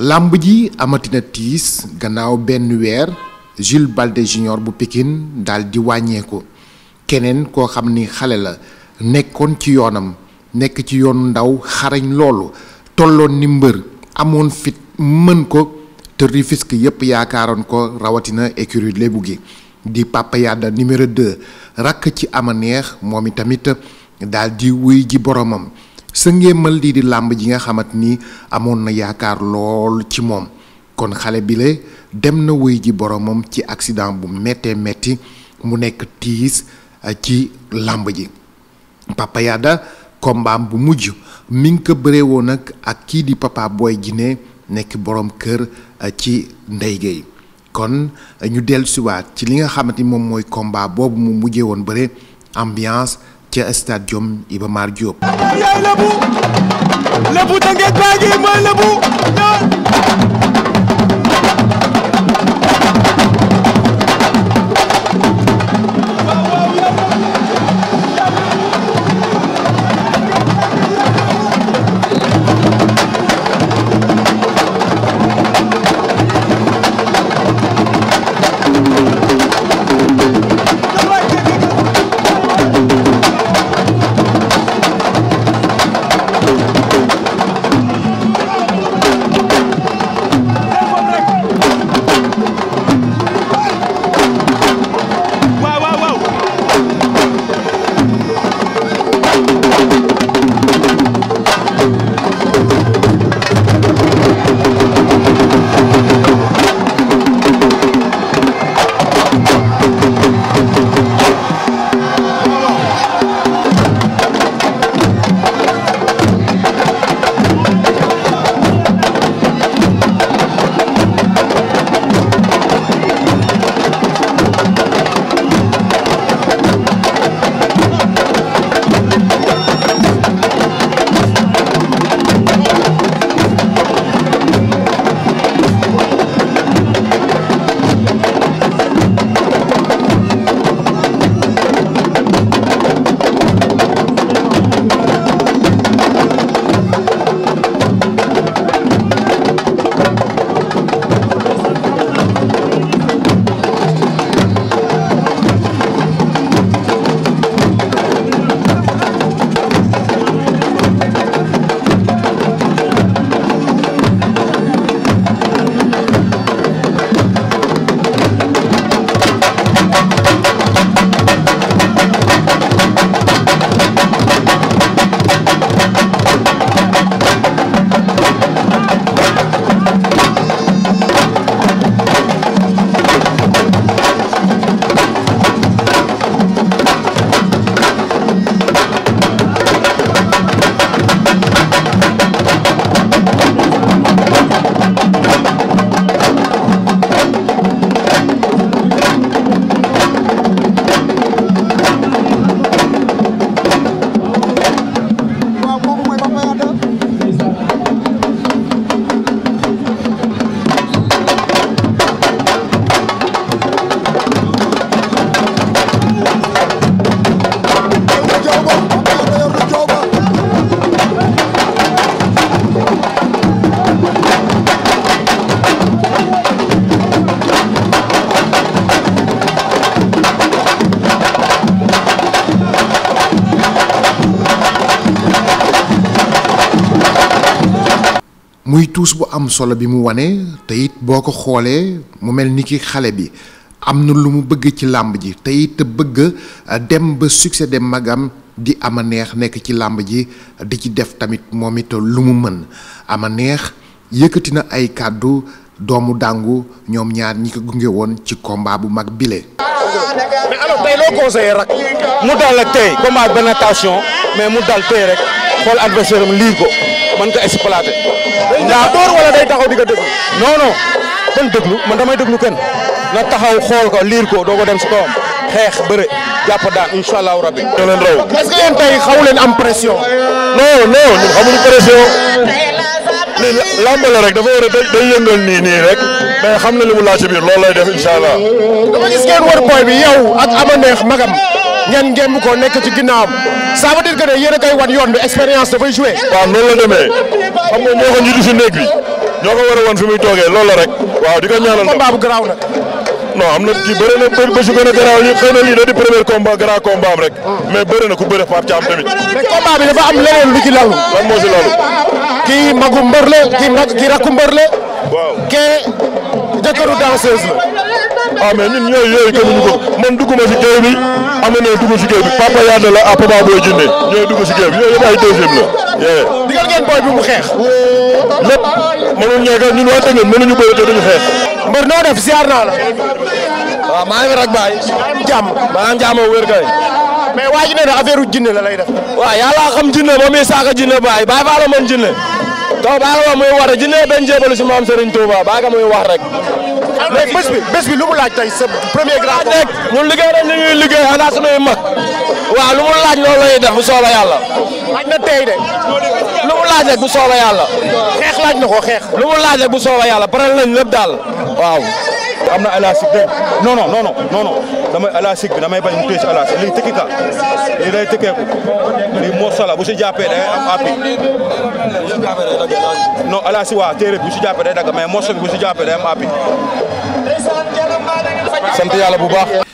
làmb ji amatina tiis gannaaw benn weer Jules Balde junior bu Pikine daal di wàññeeku keneen koo xam ni xale la nekkoon ci yoonam nekk ci yoon ndaw xarañ loolu tolloon ni mbër amoon fit mën ko te Rufisque yépp yaakaaroon ko rawatina écurie Lébu gi di Papa Yada numéro 2 rakk ci ama moom i daal di wuy ji boromam sa ngéemal lii di làmb ji nga xamante ni amoon na yaakaar lool ci moom kon xale bi la dem na wuy ji boromam ci accident bu méttee metti mu nekk tiis euh, ci làmb ji Papa Yada kombaam bu mujj mi ko bëree woon nag ak kii di Papa booy Djiné nekk boroom kër euh, ci Ndeye Gueye kon euh, ñu dellusiwaat ci li nga xamante ni moom mooy combat boobu mu mujjee woon bëre ambiance ca stadium Iba Mar Diop. yaay Lebu Lebu Tëngéej baa ngi mooy Lebu muy tuus bu am solo bi mu wane te boo ko xoolee mu mel ni ki xale bi am na lu mu bëgg ci làmb ji te bëgg euh, dem ba succès de magam di am a neex nekk ci làmb ji di ci def tamit moom it lu mu mën ama neex yëkkati na ay kàddu doomu dàngu ñoom ñaar ñi ko gunge woon ci komba bu mag bile. mu dal ak tey combat benn tension mais mu dal tey rek xool adversaire lii ko mën ko exploiter. daa door wala day taxaw di ko déglu. non non man déglu man damay déglu kenn na taxaw xool ko liir ko doo ko dem si kawam xeex bëre jàpp daan incha allahu rabi. ñoo leen raw est-ce que yéen leen am pression. non non ñun xamuñu la rek dafa war a day yëngal nii nii rek mais xam na li mu laaj ci biir loolu lay def incha ngeen ngémb ko nekk ci ginnaawam ça veut dire que ne yéen a koy wan yoon bi expérience dafay joué. waaw noonu la demee xam nga ñoo ko njiitu si néeg bi ñoo ko war a wan fi muy toogee loolu la rek. waaw di ko ñaanal nag bu garaaw nag. non am na kii bëri na bésu gën a garaaw lii la premier combat grand combat rek. Hmm. mais bëri ku bëri Pape Thiam am leneen kii magu mbër la kii mag kii rakku mbër la. kee jëkkëru danseuse la ah mais ñun ñooy yooyu gëmuñu ko man dugguma si géew bi am na ñoo dugg si géew bi Papa Yade la ah Papa Boy Djiné ñooy dugg si géew bi yooyu digal ngeen booy bi mu xeex. lépp mënuñ ñëw kat ñun wante ngeen mënuñu bëri te duñu xeex. mbër noo def ziar naa la. waaw maa ngi baay. maa ngi jàmm maa ngi saaka jinne baay baay faa la mën jinne taw baa nga muy wax rek jinne benn jébalu si maam Serigne Touba baa muy wax rek. léegi bés lu mu laaj tey sa premier grand rek ñun liggéey rek ñu liggéey xanaa suñuy mag waaw lu mu laaj loolu lay def bu soobee yàlla. laaj na tey de. lu mu laaj bu soobee yàlla. xeex laaj na ko xeex. lu mu laaj bu soobee yàlla pare nañ lépp daal waaw. am na El Hadj Deme damay alaasig bi damay bañ mu téye si alaas lii tëkki ka day tëkkeeku lii moo bu si jàppee day am appui non alaasi waa téere bu si jàppee day dagg mais morso bi bu si jàppee day am appui. sant yàlla bu baax.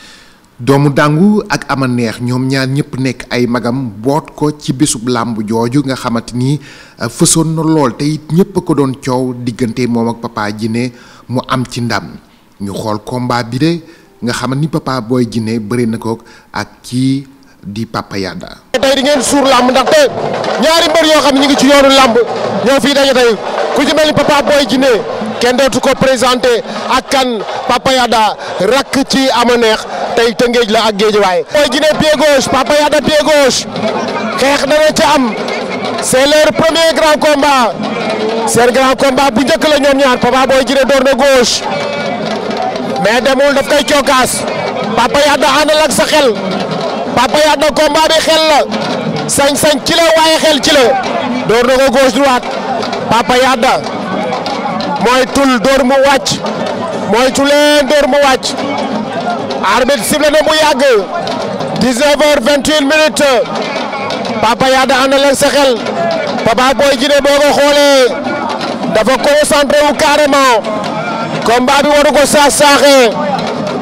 doomu dàngu ak ama neex ñoom ñaan ñëpp nekk ay magam boot ko ci bésub làmb jooju nga xamante ni euh, fësoon na lool te it ñëpp ko doon coow diggante moom ak papa ji ne mu am ci ndam ñu xool combat bi de. nga xam ni papa booy jinne bëri na ko ak kii di papa Yada. tey di ngeen suur làmb ndaxte ñaari mbër yoo xam ne ñu ngi ci yoonu làmb ñoo fii daje tey ku ci mel ni papa booy jinne kenn dootu ko présenté ak kan papa Yada rakk ci ama neex tey tëngéej la ak géej waaye. booy jinne pied papa Yada pied gauche xeex dana ca am c' est leur premier grand combat seen grand combat bu njëkk la ñoom ñaar papa booy jinne door na gauche. mais demul daf koy cookaas Papa Yada àndal ak sa xel Papa Yada combat bi xel sañ-sañ ci waaye xel ci la door na ko gauche droite Papa Yada mooy tul door mu wàcc mooy tuleen door mu wàcc arbitre sifflé mu yàgg 19 heures Papa Yada àndal ak sa xel Papa Boy Djiné boo ko xoolee dafa concentré wu carrément. combat bi waru ko saax saaxee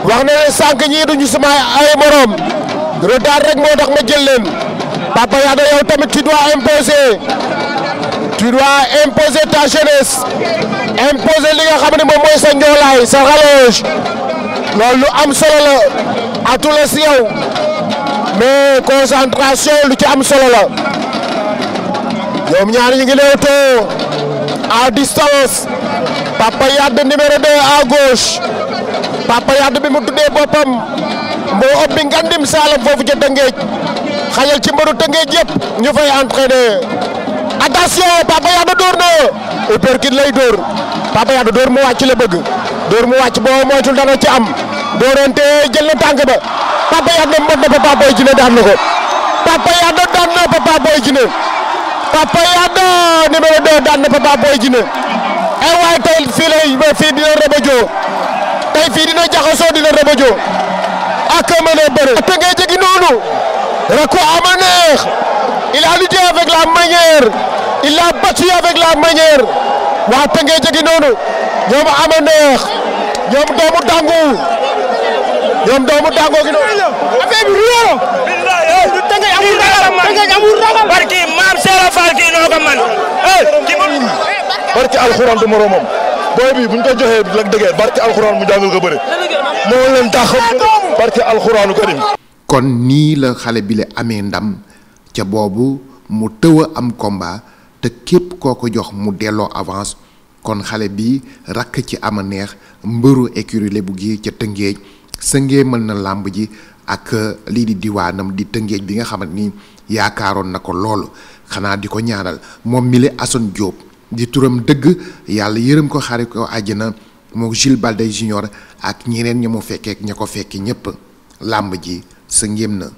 wax na ne sànq ñii duñu sama ay morom retard rek moo tax ma jël leen Papa Yada yow tamit tu dois imposer tu dois imposer ta jeunesse imposer li nga xam ne moom mooy sa njoolaay sa rallonge loolu am solo la atu la si yow mais concentration lu ci am solo la ñoom ñaar ñu ngi leewtoo à distance. Papa Yade numéro 2 à gauche Papa Yade bi mu tuddee boppam moo ëppi ngandim Saalum foofu ca Tëngéej xajal ci mbaru Tëngéej yëpp ñu fay entraîné attention Papa Yade dóor na uppercut lay dóor Papa Yade dóor mu wàcc la bëgg dóor mu wàcc boo moytul dana ci am dóorante jël na tànk ba Papa Yade mbot na Papa Boy Djiné daan ko Papa Yade daan Papa Boy Djiné Papa Yade numéro 2 daan Papa Boy Djiné ay e waay tey fii lay fii dina rëbëjoo tey fii dina jaxasoo dina rëbëjoo ak mën a bëre te rako ama neex il avec la manière il a avec la manière waa te ngay jegi ñoom ama ñoom doomu dangu ñoom doomu dangu gi noonu barki alxuraan du moroomam booy bi bu ko joxee Lac de Guiers ko barki alxuraanu karim kon nii la xale bi la amee ndam ca boobu mu tëw am komba te képp koo ko jox mu delloo avance kon xale bi rakk ci ama neex mbëru écurie Lébou gi ca Tëngéej sëngee mën na làmb ji ak euh, lii di diwaanam di Tëngéej bi nga xamante ni yaakaaroon na ko loolu xanaa di ko ñaanal moom mi la Assane Diop di turam dëgg yàlla yërëm ko xaare ko àjjana moo Jules Baldé Junior ak ñeneen ña mu fekkee ña ko fekki ñépp làmb ji sa ngéem na